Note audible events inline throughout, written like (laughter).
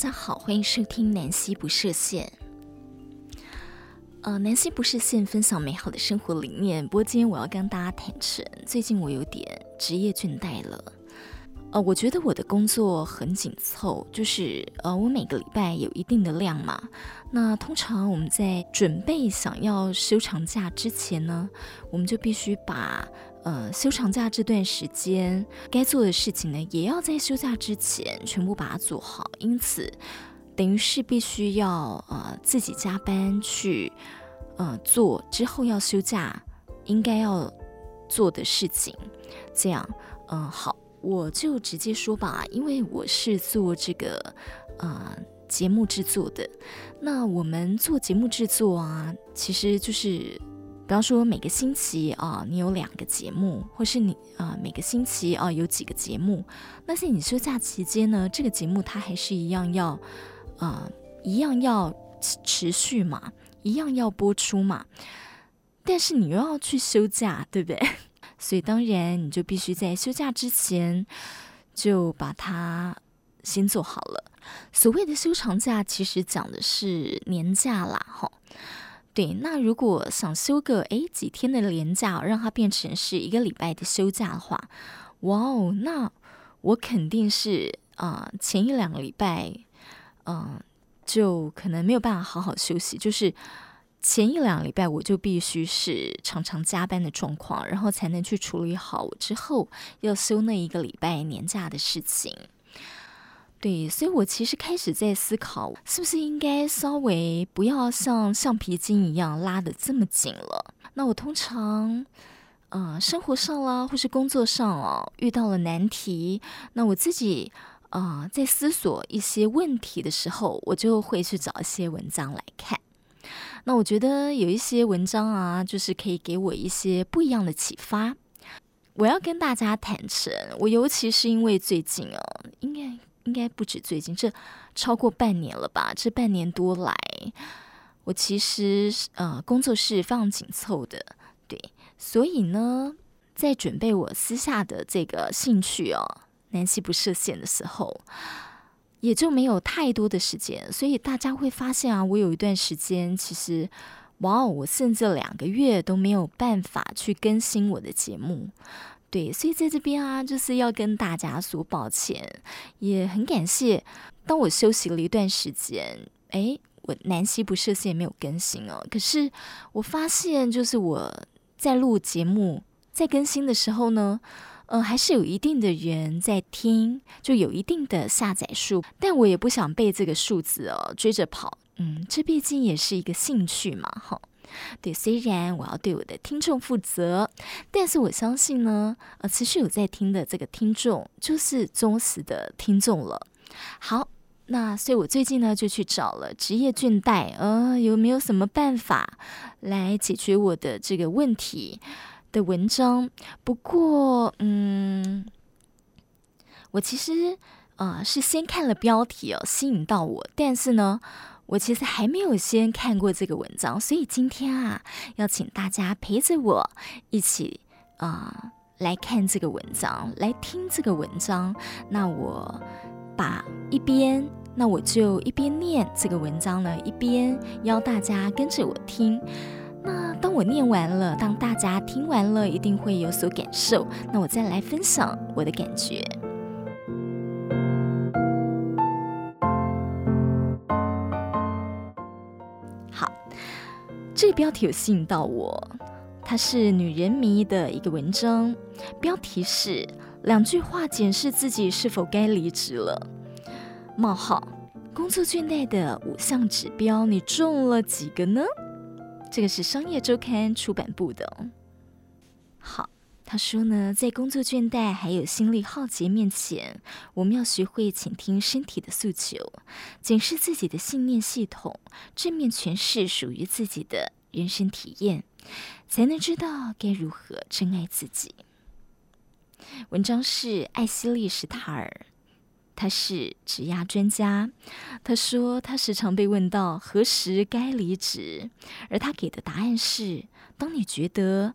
大家好，歡迎收聽南希不設限。呃，南希不設限分享美好的生活理念。不過今天我要跟大家坦誠，最近我有點職業倦怠了。呃，我覺得我的工作很緊湊，就是呃，我每個禮拜有一定的量嘛。那通常我們在準備想要休長假之前呢，我們就必須把。呃，休長假這段時間該做的事情呢，也要在休假之前全部把它做好。因此，等於是必須要呃自己加班去呃做之後要休假應該要做的事情。這樣，嗯、呃，好，我就直接說吧，因為我是做這個呃節目製作的。那我們做節目製作啊，其實就是。比方說，每個星期啊、呃，你有兩個節目，或是你啊、呃，每個星期啊、呃、有幾個節目。那在你休假期間呢，這個節目它還是一樣要，啊、呃，一樣要持續嘛，一樣要播出嘛。但是你又要去休假，對不對？所以當然，你就必須在休假之前就把它先做好了。所謂的休長假，其實講的是年假啦，哈。對，那如果想休個誒幾天的年假，讓它變成是一個禮拜的休假的話，哇哦，那我肯定是啊、呃、前一兩個禮拜，嗯、呃，就可能沒有辦法好好休息，就是前一兩個禮拜我就必須是常常加班的狀況，然後才能去處理好我之後要休那一個禮拜年假的事情。對，所以我其實開始在思考，是不是應該稍微不要像橡皮筋一樣拉得這麼緊了。那我通常，呃，生活上啦，或是工作上啊，遇到了難題，那我自己，啊、呃，在思索一些問題的時候，我就會去找一些文章來看。那我覺得有一些文章啊，就是可以給我一些不一樣的啟發。我要跟大家坦誠，我尤其是因為最近哦、啊，應該。應該不止最近，這超過半年了吧？這半年多來，我其實呃工作是非常緊湊的，對，所以呢，在準備我私下的這個興趣哦，南希不設限的時候，也就沒有太多的時間，所以大家會發現啊，我有一段時間其實，哇、哦，我甚至兩個月都沒有辦法去更新我的節目。對，所以在這邊啊，就是要跟大家說抱歉，也很感謝。當我休息了一段時間，哎，我南希不設限沒有更新哦。可是我發現，就是我在錄節目、在更新的時候呢，呃，還是有一定的人在聽，就有一定的下載數。但我也不想被這個數字哦追着跑，嗯，這畢竟也是一個興趣嘛，哈。對，雖然我要對我的聽眾負責，但是我相信呢，呃，持續有在聽的這個聽眾就是忠實的聽眾了。好，那所以，我最近呢就去找了職業倦怠，呃，有沒有什麼辦法來解決我的這個問題的文章？不過，嗯，我其實，呃，是先看了標題哦，吸引到我，但是呢。我其實還沒有先看過這個文章，所以今天啊，要請大家陪着我一起啊，呃，來看這個文章，來聽這個文章。那我把一邊，那我就一邊念這個文章呢，一邊邀大家跟着我聽。那當我念完了，當大家聽完了，一定會有所感受。那我再來分享我的感覺。標題有吸引到我，它是女人迷的一個文章，標題是“兩句話檢視自己是否該離職了”，冒號，工作倦怠的五項指標，你中了幾個呢？這個是《商業週刊》出版部的。好，他說呢，在工作倦怠還有心力耗竭面前，我們要學會傾聽身體的訴求，檢視自己的信念系統，正面詮釋屬於自己的人生體驗，才能知道該如何珍愛自己。文章是艾希莉史塔爾，他是職涯專家。他說，他時常被問到何時該離職，而他給的答案是：當你覺得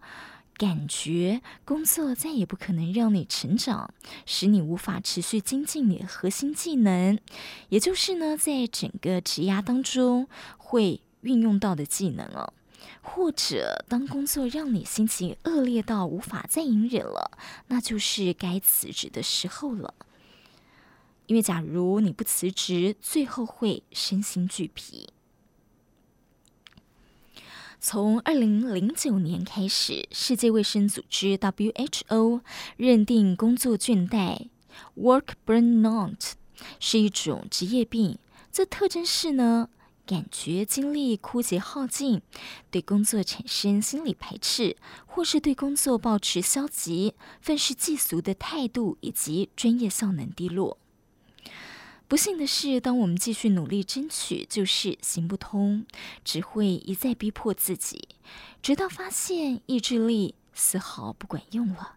感覺工作再也不可能讓你成長，使你無法持續精進你的核心技能，也就是呢，在整個職涯當中會運用到的技能哦。或者，當工作讓你心情惡劣到無法再隱忍了，那就是該辭職的時候了。因為，假如你不辭職，最後會身心俱疲。從二零零九年開始，世界衛生組織 （WHO） 認定工作倦怠 （work burnout） 是一種職業病。這特徵是呢？感覺精力枯竭耗盡，對工作產生心理排斥，或是對工作抱持消極、憤世嫉俗的態度，以及專業效能低落。不幸的是，當我們繼續努力爭取，就是行不通，只會一再逼迫自己，直到發現意志力絲毫不管用了。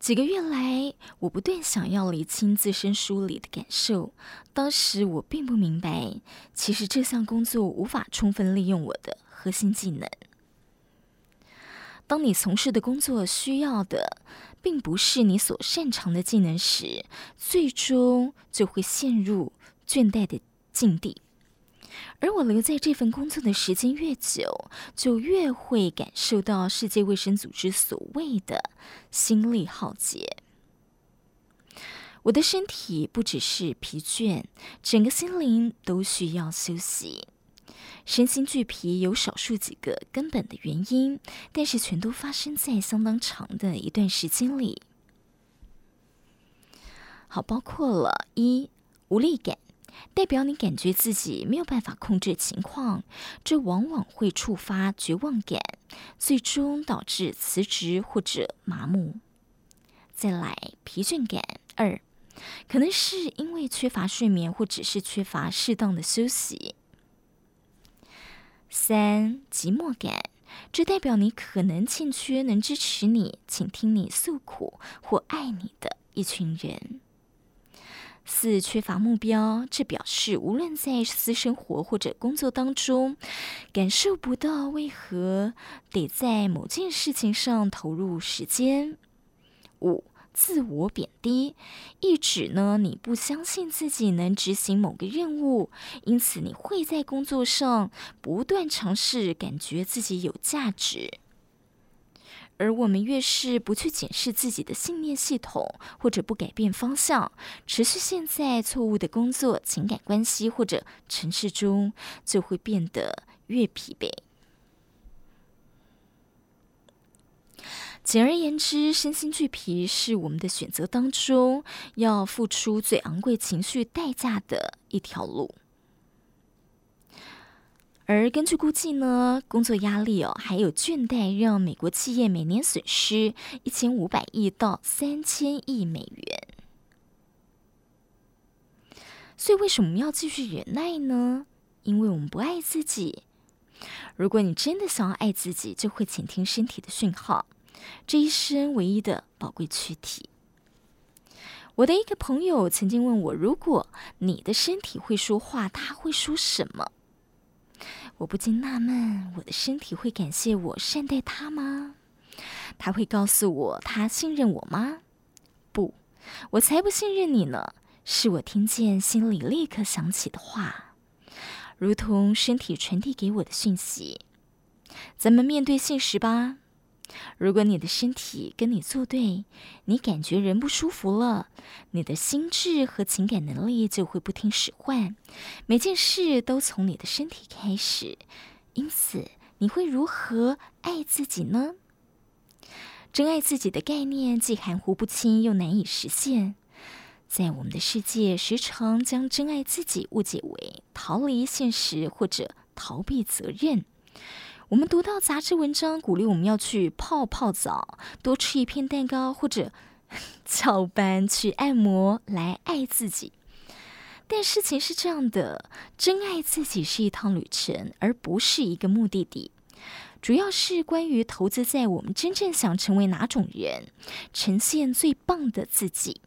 幾個月來，我不斷想要理清自身梳理的感受。當時我並不明白，其實這項工作無法充分利用我的核心技能。當你從事的工作需要的並不是你所擅長的技能時，最終就會陷入倦怠的境地。而我留在這份工作的時間越久，就越會感受到世界衛生組織所謂的“心力耗竭”。我的身體不只是疲倦，整個心靈都需要休息。身心俱疲有少數幾個根本的原因，但是全都發生在相當長的一段時間裡。好，包括了，一，無力感。代表你感覺自己沒有辦法控制情況，這往往會觸發絕望感，最終導致辭職或者麻木。再來，疲倦感。二，可能是因為缺乏睡眠或者是缺乏適當的休息。三，寂寞感，這代表你可能欠缺能支持你、傾聽你訴苦或愛你的一群人。四、缺乏目標，這表示無論在私生活或者工作當中，感受不到為何得在某件事情上投入時間。五、自我貶低，意指呢你不相信自己能執行某個任務，因此你會在工作上不斷嘗試，感覺自己有價值。而我們越是不去檢視自己的信念系統，或者不改變方向，持續現在錯誤的工作、情感關係或者城市中，就會變得越疲憊。簡而言之，身心俱疲是我們的選擇當中要付出最昂貴情緒代價的一條路。而根據估計呢，工作壓力哦，還有倦怠，讓美國企業每年損失一千五百億到三千億美元。所以為什麼要繼續忍耐呢？因為我們不愛自己。如果你真的想要愛自己，就會傾聽身體的訊號，這一生唯一的寶貴軀體。我的一個朋友曾經問我，如果你的身體會說話，他會說什麼？我不禁納悶，我的身體會感謝我善待它嗎？它會告訴我它信任我嗎？不，我才不信任你呢！是我聽見心裡立刻想起的話，如同身體傳遞給我的訊息。咱們面對現實吧。如果你的身體跟你作對，你感覺人不舒服了，你的心智和情感能力就會不聽使喚，每件事都從你的身體開始。因此，你會如何愛自己呢？珍愛自己的概念既含糊不清，又難以實現。在我們的世界，時常將珍愛自己誤解為逃離現實或者逃避責任。我們讀到雜誌文章，鼓勵我們要去泡泡澡，多吃一片蛋糕，或者翹班去按摩來愛自己。但事情是這樣的，真愛自己是一趟旅程，而不是一個目的地。主要是關於投資在我們真正想成為哪種人，呈現最棒的自己。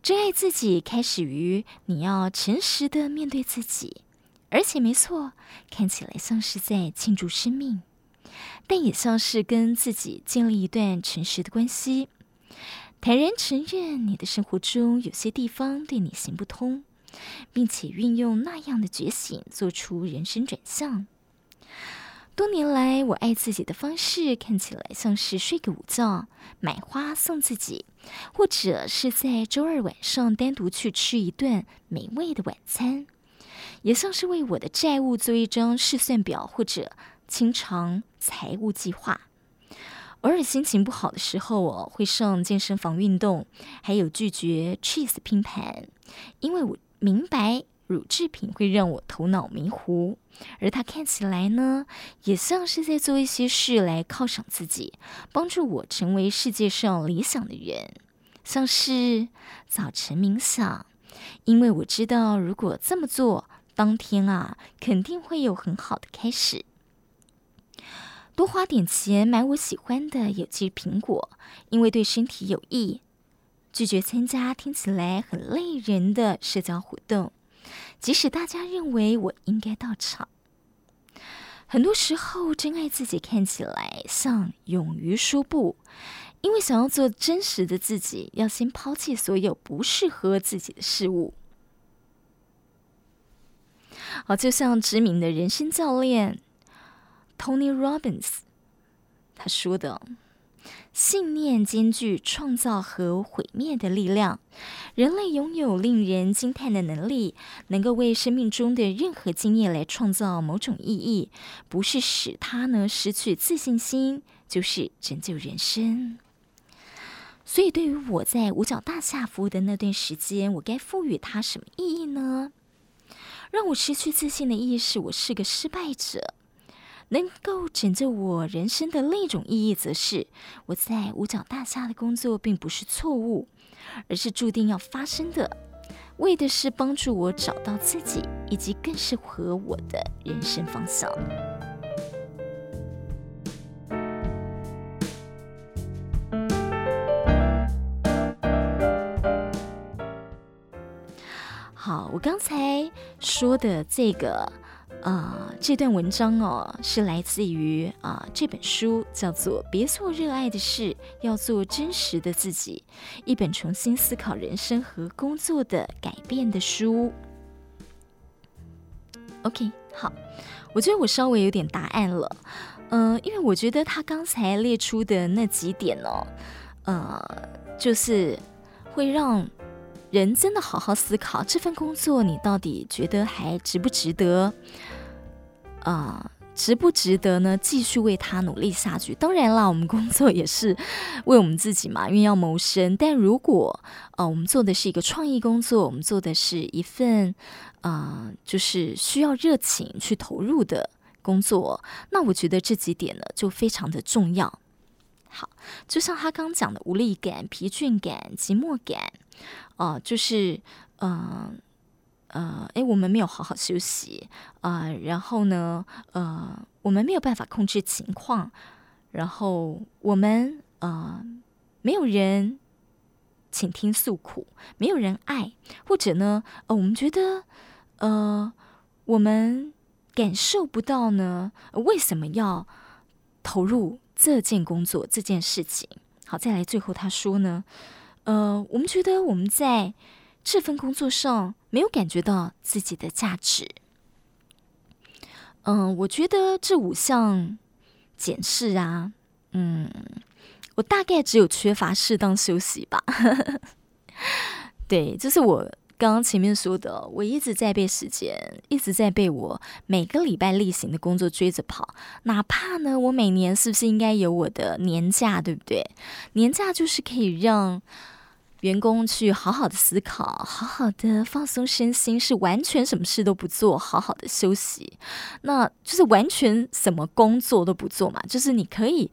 真愛自己開始於你要誠實的面對自己。而且沒錯，看起來像是在慶祝生命，但也像是跟自己建立一段誠實的關係，坦然承認你的生活中有些地方對你行不通，並且運用那樣的覺醒做出人生轉向。多年來，我愛自己的方式看起來像是睡個午覺、買花送自己，或者是在周二晚上單獨去吃一頓美味的晚餐。也像是為我的債務做一張試算表，或者清償財務計劃。偶爾心情不好的時候，我會上健身房運動，還有拒絕 cheese 拼盤，因為我明白乳制品會讓我頭腦迷糊。而它看起來呢，也像是在做一些事來犒賞自己，幫助我成為世界上理想的人，像是早晨冥想，因為我知道如果這麼做，當天啊，肯定會有很好的開始。多花點錢買我喜歡的有機蘋果，因為對身體有益。拒絕參加聽起來很累人的社交活動，即使大家認為我應該到場。很多時候，真愛自己看起來像勇於說不，因為想要做真實的自己，要先拋棄所有不適合自己的事物。好，就像知名的人生教練 Tony Robbins 他說的：“信念兼具創造和毀滅的力量。人類擁有令人驚嘆的能力，能夠為生命中的任何經驗來創造某種意義，不是使他呢失去自信心，就是拯救人生。所以，對於我在五角大廈服務的那段時間，我該賦予它什麼意義呢？”讓我失去自信的意義是，我是個失敗者；能夠拯救我人生的另一種意義，則是我在五角大廈的工作並不是錯誤，而是注定要發生的，為的是幫助我找到自己，以及更適合我的人生方向。剛才說的這個啊、呃，這段文章哦，是來自於啊、呃，這本書，叫做《別做熱愛的事，要做真實的自己》，一本重新思考人生和工作的改變的書。OK，好，我覺得我稍微有點答案了，嗯、呃，因為我覺得他剛才列出的那幾點哦，呃，就是會讓人真的好好思考這份工作，你到底覺得還值不值得？啊、呃，值不值得呢？繼續為他努力下去。當然啦，我們工作也是為我們自己嘛，因為要謀生。但如果啊、呃，我們做的是一個創意工作，我們做的是一份啊、呃，就是需要熱情去投入的工作，那我覺得這幾點呢，就非常的重要。就像他剛講的無力感、疲倦感、寂寞感，哦、呃，就是，嗯、呃，呃，哎，我們沒有好好休息啊、呃，然後呢，呃，我們沒有辦法控制情況，然後我們，呃，沒有人傾聽訴苦，沒有人愛，或者呢，呃，我們覺得，呃，我們感受不到呢，為什麼要投入？這件工作這件事情，好，再來最後他說呢，呃，我們覺得我們在這份工作上沒有感覺到自己的價值。嗯、呃，我覺得這五項檢視啊，嗯，我大概只有缺乏適當休息吧。 (laughs) 對，就是我。剛剛前面說的，我一直在被時間，一直在被我每個禮拜例行的工作追着跑。哪怕呢，我每年是不是應該有我的年假，對不對？年假就是可以讓員工去好好的思考，好好的放鬆身心，是完全什麼事都不做，好好的休息。那就是完全什麼工作都不做嘛，就是你可以。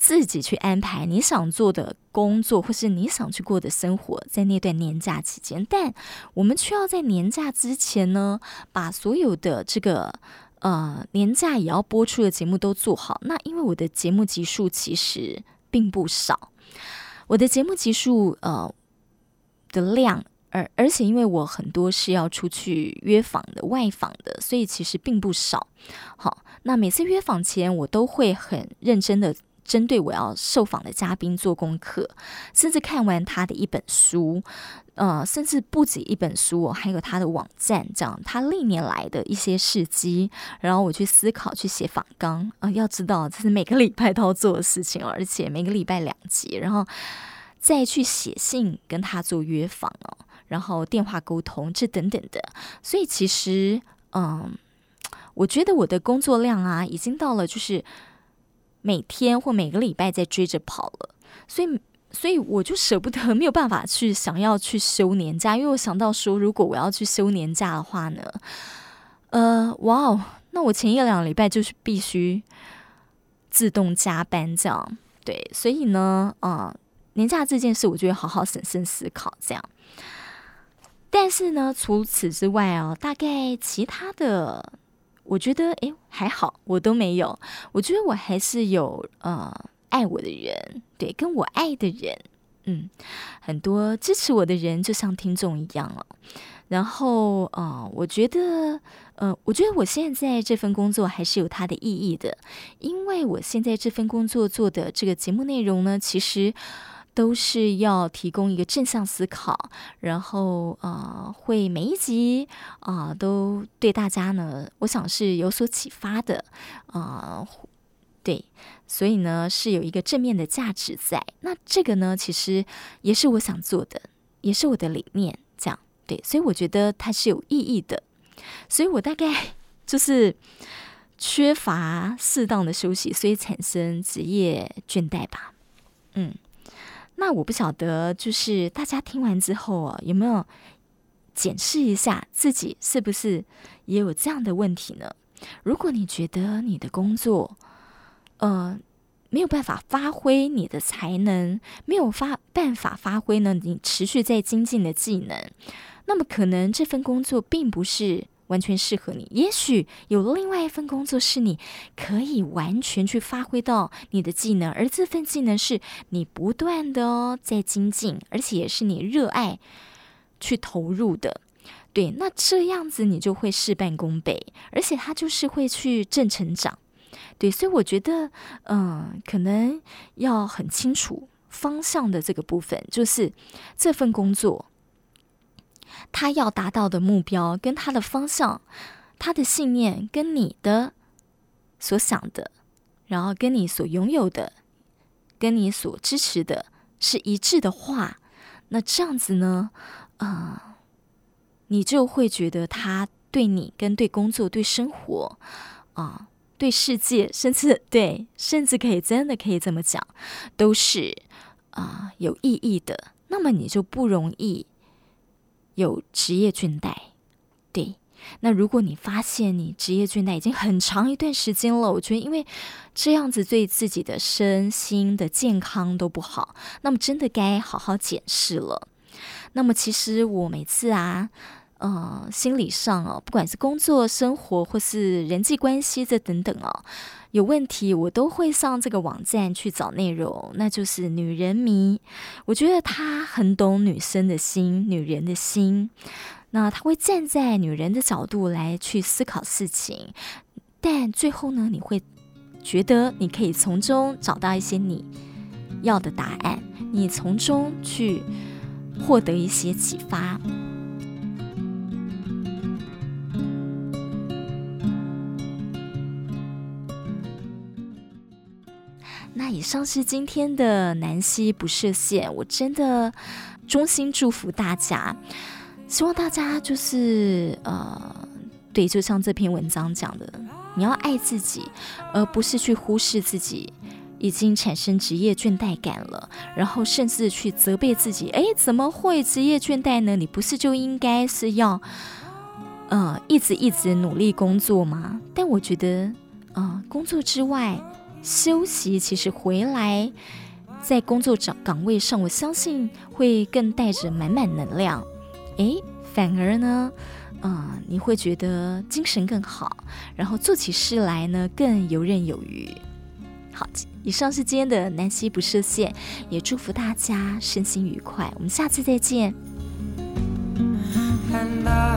自己去安排你想做的工作，或是你想去過的生活，在那段年假期間。但我們卻要在年假之前呢，把所有的這個呃年假也要播出的節目都做好。那因為我的節目集數其實並不少，我的節目集數呃的量，而而且因為我很多是要出去約訪的外訪的，所以其實並不少。好，那每次約訪前，我都會很認真的。針對我要受訪的嘉賓做功課，甚至看完他的一本書，呃，甚至不止一本書，我還有他的網站，這樣他歷年來的一些事跡，然後我去思考去寫訪綱啊、呃。要知道這是每個禮拜都要做的事情，而且每個禮拜兩集，然後再去寫信跟他做約訪哦，然後電話溝通這等等的。所以其實，嗯、呃，我覺得我的工作量啊，已經到了就是。每天或每個禮拜在追着跑了，所以所以我就捨不得，沒有辦法去想要去休年假，因為我想到說，如果我要去休年假的話呢，呃，哇哦，那我前一兩個禮拜就是必須自動加班這樣，對，所以呢，啊、呃，年假這件事，我就會好好審慎思考這樣。但是呢，除此之外啊、哦，大概其他的。我覺得，哎，還好，我都沒有。我覺得我還是有呃，愛我的人，對，跟我愛的人，嗯，很多支持我的人，就像聽眾一樣了。然後，呃，我覺得，呃，我覺得我現在這份工作還是有它的意義的，因為我現在這份工作做的這個節目內容呢，其實。都是要提供一個正向思考，然後啊、呃，會每一集啊、呃、都對大家呢，我想是有所啟發的啊、呃，對，所以呢是有一個正面的價值在。那這個呢，其實也是我想做的，也是我的理念。這樣對，所以我覺得它是有意義的。所以我大概就是缺乏適當的休息，所以產生職業倦怠吧。嗯。那我不曉得，就是大家聽完之後啊，有沒有檢視一下自己是不是也有這樣的問題呢？如果你覺得你的工作，呃，沒有辦法發揮你的才能，沒有發辦法發揮呢，你持續在精進的技能，那麼可能這份工作並不是。完全適合你。也許有另外一份工作是你可以完全去發揮到你的技能，而這份技能是你不斷的、哦、在精進，而且也是你熱愛去投入的。對，那這樣子你就會事半功倍，而且他就是會去正成長。對，所以我覺得，嗯、呃，可能要很清楚方向的這個部分，就是這份工作。他要達到的目標跟他的方向、他的信念跟你的所想的，然後跟你所擁有的、跟你所支持的是一致的話，那這樣子呢，啊、呃，你就會覺得他對你、跟對工作、對生活、啊、呃，對世界，甚至對，甚至可以真的可以這麼講，都是啊、呃，有意義的。那麼你就不容易，有職業倦怠，對。那如果你發現你職業倦怠已經很長一段時間了，我覺得因為這樣子對自己的身心的健康都不好，那麼真的該好好檢視了。那麼其實我每次啊。呃，心理上哦，不管是工作、生活或是人際關係這等等哦，有問題，我都會上這個網站去找內容，那就是《女人迷》。我覺得她很懂女生的心，女人的心。那她會站在女人的角度來去思考事情，但最後呢，你會覺得你可以從中找到一些你要的答案，你從中去獲得一些啟發。那以上是今天的南希不設限，我真的衷心祝福大家，希望大家就是呃，對，就像這篇文章講的，你要愛自己，而不是去忽視自己已經產生職業倦怠感了，然後甚至去責備自己，哎，怎麼會職業倦怠呢？你不是就應該是要，呃，一直一直努力工作嗎？但我覺得，啊、呃，工作之外。休息其實回來，在工作崗崗位上，我相信會更帶着滿滿能量。哎，反而呢，嗯、呃，你會覺得精神更好，然後做起事來呢更游刃有餘。好，以上是今天的南希不設限，也祝福大家身心愉快，我們下次再見。嗯